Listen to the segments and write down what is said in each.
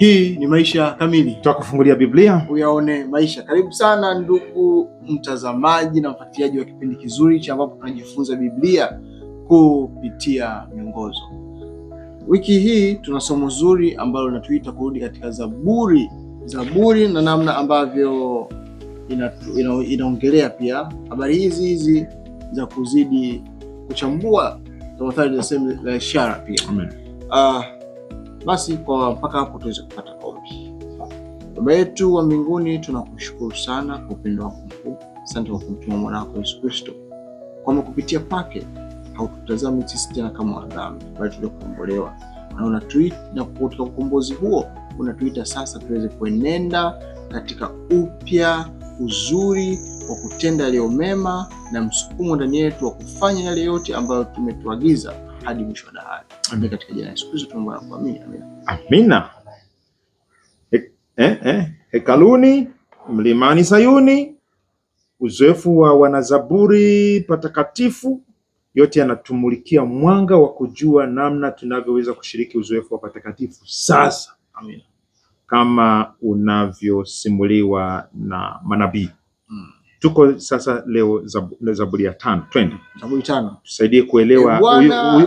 Hii ni Maisha Kamili, tutakufungulia Biblia uyaone maisha. Karibu sana ndugu mtazamaji na mfuatiliaji wa kipindi kizuri cha ambapo tunajifunza Biblia kupitia miongozo. Wiki hii tuna somo zuri ambalo linatuita kurudi katika Zaburi, Zaburi na namna ambavyo inaongelea ina, ina pia habari hizi hizi za kuzidi kuchambua tafakari za sehemu za ishara pia. Amen. Uh, basi kwa mpaka hapo tuweze kupata ombi. Baba yetu wa mbinguni, tunakushukuru sana kwa upendo wako mkuu. Asante kwa kumtuma mwana wako Yesu Kristo, kwamba kupitia kwake haututazami sisi tena kama wadhambi, bali tuliokombolewa na katika ukombozi huo unatuita sasa tuweze kuenenda katika upya uzuri wa kutenda yaliyo mema na msukumo ndani yetu wa kufanya yale yote ambayo tumetuagiza hadi mwisho wa dahari. Amina katika jina la Yesu Kristo tunaomba na kuamini. Amina. He, eh, eh, hekaluni, mlimani Sayuni, uzoefu wa wanazaburi patakatifu, yote yanatumulikia mwanga wa kujua namna tunavyoweza kushiriki uzoefu wa patakatifu sasa. Amina. Kama unavyosimuliwa na manabii hmm. Tuko sasa leo Zaburi ya tano, twende Zaburi tano, tusaidie kuelewa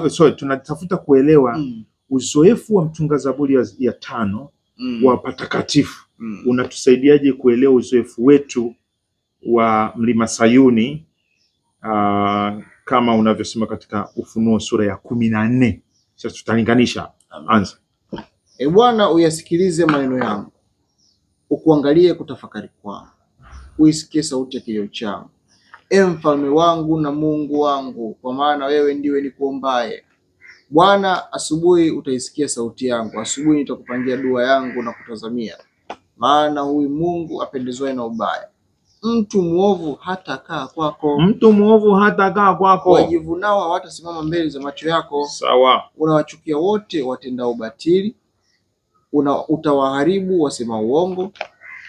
e, sorry, tunatafuta kuelewa mm. uzoefu wa mtunga Zaburi ya, ya tano mm. wa patakatifu mm. unatusaidiaje kuelewa uzoefu wetu wa mlima Sayuni uh, kama unavyosema katika Ufunuo sura ya kumi na nne. Sasa tutalinganisha. Anza. E Bwana, uyasikilize maneno yangu, ukuangalie kutafakari kwangu uisikie sauti ya kilio chao. e mfalme wangu na Mungu wangu, kwa maana wewe ndiwe nikuombaye. Bwana, asubuhi utaisikia sauti yangu, asubuhi nitakupangia dua yangu na kutazamia, maana huyu Mungu apendezwaye na ubaya. Mtu mwovu hata kaa kwako, mtu mwovu hata kaa kwako. Wajivunao hawatasimama mbele za macho yako. Sawa. Unawachukia wote watendao ubatili, una utawaharibu wasema uongo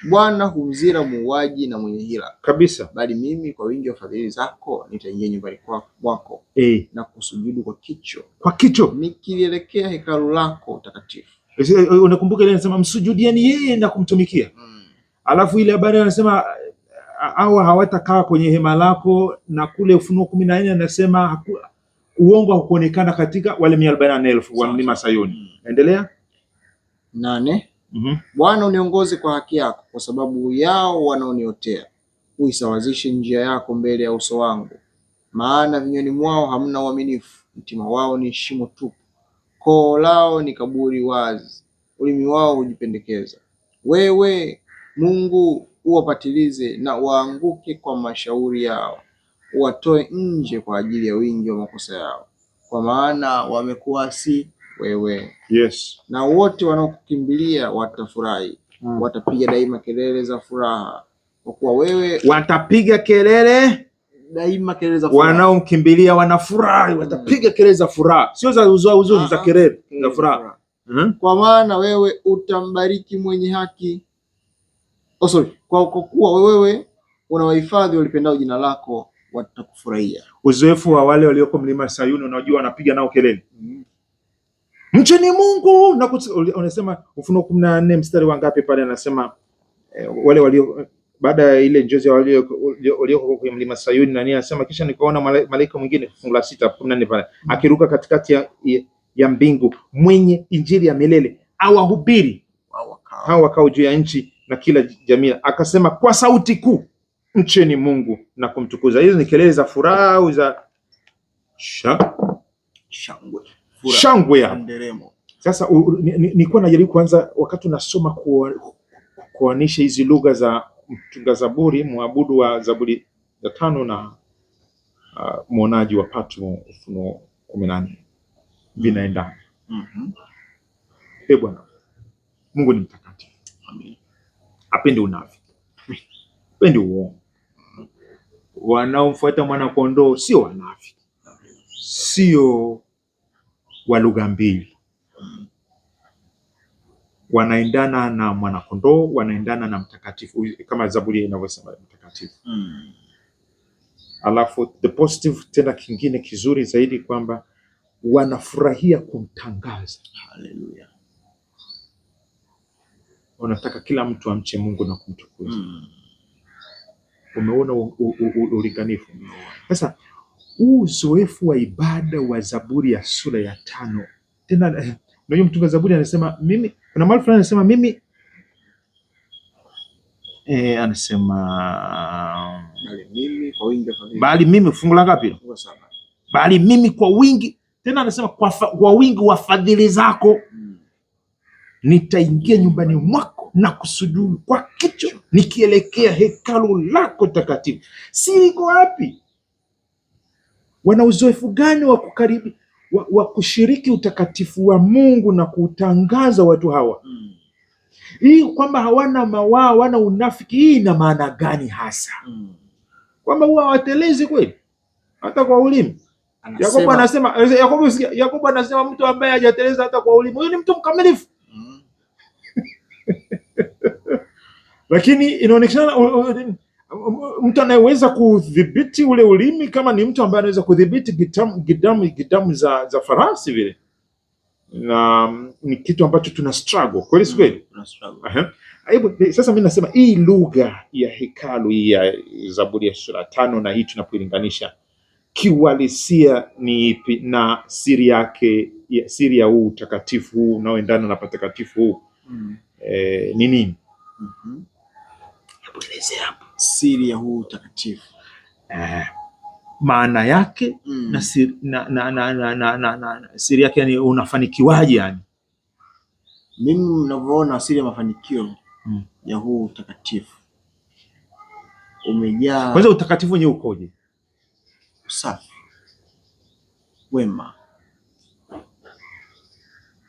Bwana humzira muuaji na mwenye hila kabisa, bali mimi kwa wingi wa fadhili zako nitaingia nyumbani kwako e, na kusujudu kwa kicho kwa kicho nikilielekea hekalu lako takatifu. E, e, unakumbuka ile anasema msujudieni yeye na kumtumikia mm. Alafu ile habari anasema hawa hawatakaa kwenye hema lako, na kule Ufunuo kumi na nne anasema uongo hakuonekana katika wale mia arobaini na nne elfu wa mlima Sayuni. Hmm. Endelea nane mm Bwana uniongoze kwa haki yako, kwa sababu yao wanaoniotea. Uisawazishe njia yako mbele ya uso wangu, maana vinywani mwao hamna uaminifu, mtima wao ni shimo tupu, koo lao ni kaburi wazi, ulimi wao hujipendekeza. Wewe Mungu uwapatilize na waanguke kwa mashauri yao, uwatoe nje kwa ajili ya wingi wa makosa yao, kwa maana wamekuasi wewe. Yes. Na wote wanaokukimbilia watafurahi, hmm. Watapiga daima kelele za furaha kwa kuwa wewe, watapiga kelele daima kelele za furaha. Wanaomkimbilia wanafurahi, hmm. watapiga kelele za furaha, sio za uzuri, za kelele za furaha, hmm? kwa maana wewe utambariki mwenye haki. Oh, sorry. Kwa kuwa wewe unawahifadhi walipendao jina lako watakufurahia. Uzoefu wa wale walioko mlima Sayuni, unajua wanapiga nao kelele mm mcheni Mungu na unasema Ufunuo kumi na nne mstari wa ngapi pale? Anasema eh, wale walio baada ya ile njozi walioko kwenye mlima Sayuni na nini, anasema kisha nikaona malaika mwingine, fungu la sita kumi na nne pale, akiruka katikati ya, ya mbingu mwenye injili ya milele awahubiri hao wakao juu ya nchi na kila jamii, akasema kwa sauti kuu, mcheni Mungu na kumtukuza. Hizo ni kelele za furaha au za shangwe shangwe ya sasa. Nilikuwa najaribu kwanza, wakati unasoma kuanisha hizi lugha za mtunga zaburi, mwabudu wa Zaburi ya tano na uh, mwonaji wa Patmo, Ufunuo kumi na nne vinaendana. mm -hmm. E ee Bwana Mungu ni mtakatifu, apendi unafiki, apendi uongo. Wanaomfuata mwana kondoo sio wanafiki, sio wa lugha mbili, wanaendana na mwanakondoo, wanaendana na mtakatifu, kama Zaburi inavyosema mtakatifu mm. Alafu the positive tena, kingine kizuri zaidi kwamba wanafurahia kumtangaza. Haleluya! Wanataka kila mtu amche Mungu na kumtukuza mm. Umeona ulinganifu sasa huu uzoefu wa ibada wa Zaburi ya sura ya tano tena. eh, mtunga Zaburi anasema mimi, kuna mahali fulani anasema mimi eh, anasema bali mimi, fungu la ngapi? Bali mimi kwa wingi, tena anasema kwa, kwa wingi wa fadhili zako hmm. nitaingia nyumbani mwako na kusujudu kwa kichwa nikielekea hekalu lako takatifu. Si iko wapi? wana uzoefu gani wa kukaribi wa, wa kushiriki utakatifu wa Mungu na kuutangaza watu hawa mm. Hii kwamba hawana mawaa hawana unafiki, hii ina maana gani hasa mm. Kwamba huwa hawatelezi kweli hata kwa ulimi. Yakobo anasema eh, Yakobo, Yakobo anasema mtu ambaye hajateleza hata kwa ulimi, huyu ni mtu mkamilifu mm. Lakini inaonekana mtu anayeweza kudhibiti ule ulimi kama ni mtu ambaye anaweza kudhibiti gidamu, gidamu, gidamu za, za farasi vile, na mm, ni kitu ambacho tuna struggle kweli, si kweli? Mm, sasa mimi nasema hii lugha ya hekalu hii ya Zaburi ya sura tano na hii tunapoilinganisha kiuhalisia ni ipi, na siri yake ya siri ya huu utakatifu huu unaoendana na patakatifu huu mm. E, ni nini? mm -hmm siri ya huu utakatifu eh, maana yake mm. na, siri, na, na, na, na, na, na, na siri yake yani unafanikiwaje? Yani mimi ninavyoona siri ya mafanikio mm. ya huu utakatifu umejaa. Kwanza utakatifu wenyewe ukoje? Usafi, wema,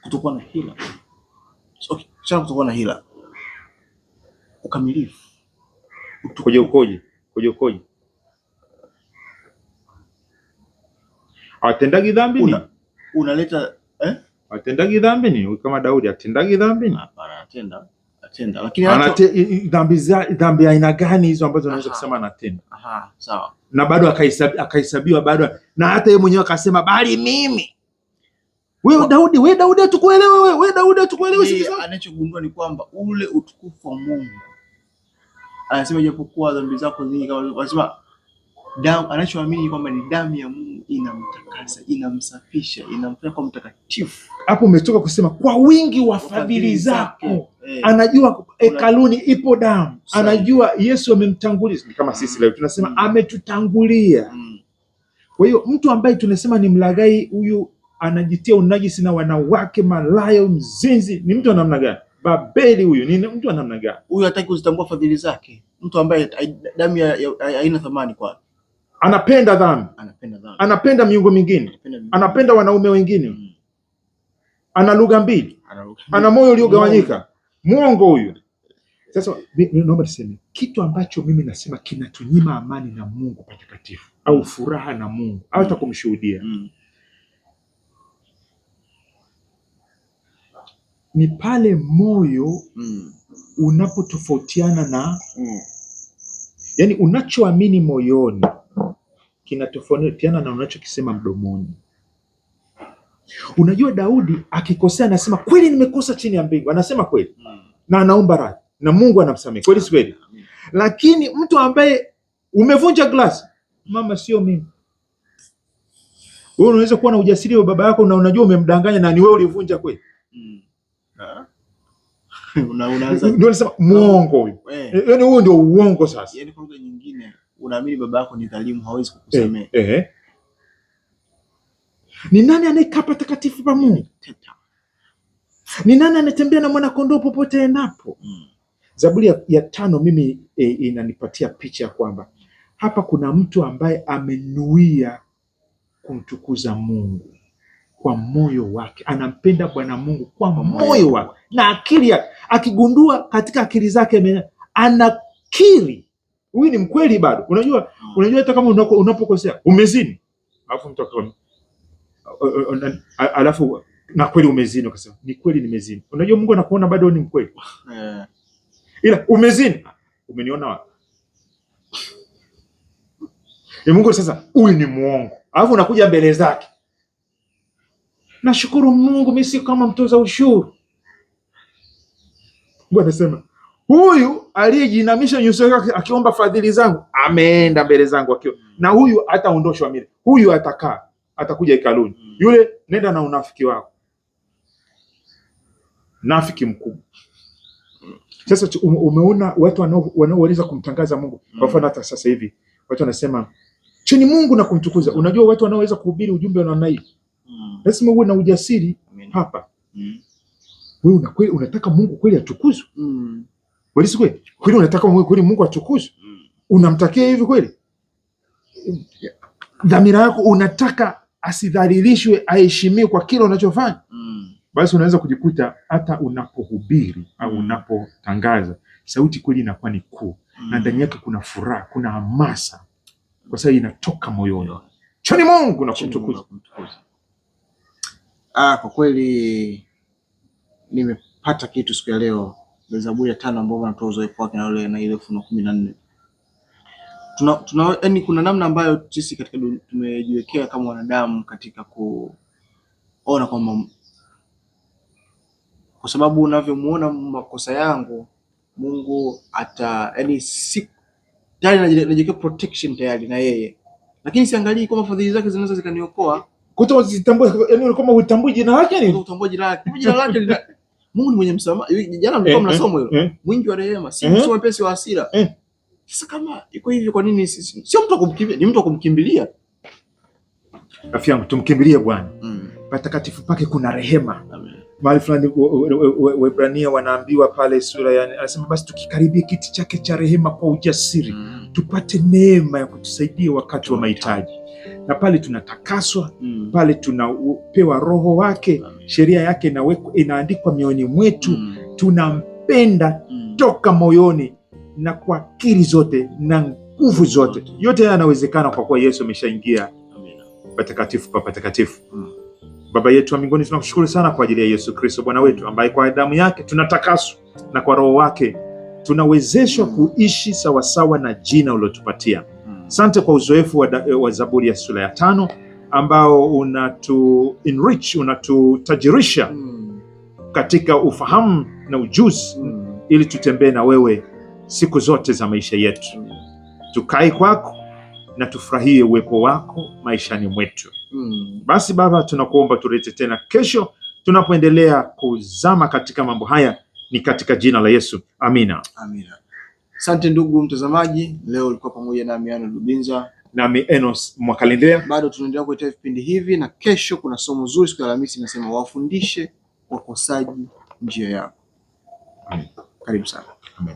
kutokuwa na hila, kutokuwa na hila, ukamilifu Ukoje? Ukoje? Ukoje? Ukoje? Atendagi dhambi ni unaleta eh? Atendagi dhambi ni kama Daudi atendagi dhambi ni hapana, atenda atenda, lakini dhambi za dhambi aina gani hizo ambazo anaweza kusema anatenda? Aha, sawa. Na bado akahesabiwa bado, na hata yeye mwenyewe akasema bali mimi. Wewe Daudi, wewe Daudi, atukuelewe wewe, wewe Daudi, atukuelewe. Anachogundua ni kwamba ule utukufu wa Mungu anasema japokuwa dhambi zako nyingi, kama anasema damu, anachoamini kwamba ni damu ya Mungu inamtakasa, inamsafisha, inamfanya kwa mtakatifu. Hapo umetoka kusema kwa wingi wa fadhili zako. eh, anajua hekaluni ipo damu, anajua Yesu amemtanguliza, kama sisi leo tunasema mm, ametutangulia mm. Kwa hiyo mtu ambaye tunasema ni mlagai huyu anajitia unajisi na wanawake, malaya, mzinzi, ni mtu wa namna gani? Babeli huyu ni mtu wa namna gani? Huyu hataki kuzitambua fadhili zake, mtu ambaye damu haina thamani kwake. Anapenda dhambi, anapenda dhambi, anapenda miungu mingine, anapenda, wanaume wengine mm. Ana lugha mbili, ana moyo uliogawanyika, mwongo huyu. Sasa naomba niseme kitu ambacho mimi nasema kinatunyima amani na Mungu patakatifu mm. au furaha na Mungu mm. au hata kumshuhudia mm. ni pale moyo mm. unapotofautiana na mm. yaani, unachoamini moyoni kinatofautiana na unachokisema mdomoni. Unajua, Daudi akikosea anasema kweli, nimekosa chini ya mbingu, anasema kweli mm. na anaomba radhi na Mungu anamsamehe, kweli si kweli? Lakini mtu ambaye umevunja glasi, mama, sio mimi wewe unaweza kuwa na ujasiri wa baba yako na unajua umemdanganya na ni wewe ulivunja kweli. Mm. Ndio muongo huyu, eh. Eh, yaani huyu ndio uongo sasa. Yaani kwa lugha nyingine unaamini baba yako ni dhalimu, hawezi kukusamehe. Eh, eh, ni nani anayekaa patakatifu pa Mungu? Ni nani anatembea na mwanakondoo popote endapo? mm. Zaburi ya, ya tano mimi e, inanipatia picha ya kwamba hapa kuna mtu ambaye amenuia kumtukuza Mungu kwa moyo wake, anampenda Bwana Mungu kwa moyo wake na akili yake. Akigundua katika akili zake anakiri, huyu ni mkweli bado. Unajua, unajua hata kama unapokosea umezini, alafu mtu alafu na kweli umezini, ukasema ni kweli nimezini. Unajua Mungu anakuona bado ni mkweli, eh. ila umezini, ah, umeniona wapi? Mungu sasa, huyu ni muongo, alafu unakuja mbele zake Nashukuru Mungu, mimi si kama mtoza ushuru. Mungu anasema huyu aliyejinamisha nyuso yake akiomba fadhili zangu ameenda mbele zangu akiwa na huyu, ataondoshwa mimi. Huyu atakaa atakuja hekaluni. Hmm. Yule nenda na unafiki wako, nafiki mkubwa. Sasa umeona watu wanaoweza kumtangaza Mungu kwa hmm. mfano, hata sasa hivi watu wanasema chini Mungu na kumtukuza. Unajua watu wanaoweza kuhubiri ujumbe wa namna hii lazima uwe na ujasiri Amen. Hapa mm. wewe unakweli unataka Mungu kweli atukuzwe mm. wewe sikwe kweli unataka Mungu kweli Mungu atukuzwe mm. unamtakia hivi kweli dhamira yako unataka asidhalilishwe, aheshimiwe kwa kile unachofanya mm. Basi unaweza kujikuta hata unapohubiri mm. au unapotangaza sauti kweli inakuwa ni kuu mm. na ndani yake kuna furaha, kuna hamasa, kwa sababu inatoka moyoni choni Mungu na kumtukuza. Ah, kwa kweli nimepata kitu siku ya leo, zaburi ya tano ambayo natoa uzoefu wake na ile na ile Ufunuo kumi na nne. Tuna, tuna, yani kuna namna ambayo sisi katika tumejiwekea kama wanadamu katika kuona kwamba kwa sababu unavyomuona makosa yangu Mungu ata yani si tayari najiwekea protection tayari na yeye, lakini siangalii kwamba fadhili zake zinaweza zikaniokoa kuto zitambue, yani kama utambui jina lake nini? Utambue jina lake. Jina lake ni Mungu ni mwenye msamaha. Jana mlikuwa eh, mnasoma eh, hilo. Eh. Mwingi wa rehema, si mwepesi wa hasira. Sasa kama iko hivi kwa nini sisi? Sio mtu kumkimbilia, ni mtu kumkimbilia. Rafiki yangu tumkimbilie Bwana. Mm. Patakatifu pake kuna rehema. Amen mahali fulani Waebrania wanaambiwa pale sura yani, anasema basi tukikaribia kiti chake cha rehema kwa ujasiri mm. tupate neema ya kutusaidia wakati wa mahitaji, na pale tunatakaswa mm. pale tunapewa roho wake sheria yake inaandikwa mioyoni mwetu mm. tunampenda mm. toka moyoni na kwa akili zote na nguvu zote. Yote haya yanawezekana kwa kuwa Yesu ameshaingia patakatifu pa patakatifu mm. Baba yetu wa mbinguni, tunakushukuru sana kwa ajili ya Yesu Kristo Bwana wetu, ambaye kwa damu yake tunatakaswa na kwa roho wake tunawezeshwa kuishi sawasawa na jina uliotupatia. Hmm. Sante kwa uzoefu wa, wa Zaburi ya sura ya tano ambao unatu enrich unatutajirisha hmm. katika ufahamu na ujuzi hmm. ili tutembee na wewe siku zote za maisha yetu, tukae kwako na tufurahie uwepo wako maishani mwetu. Mm. Basi Baba, tunakuomba turete tena kesho tunapoendelea kuzama katika mambo haya, ni katika jina la Yesu, amina, amina. Asante ndugu mtazamaji, leo ulikuwa pamoja na Miano Dubinza nami Enos Mwakalendea. Bado tunaendelea kuletea vipindi hivi, na kesho kuna somo zuri siku ya Alhamisi inasema wafundishe wakosaji njia yako Amen. Karibu sana. Amen.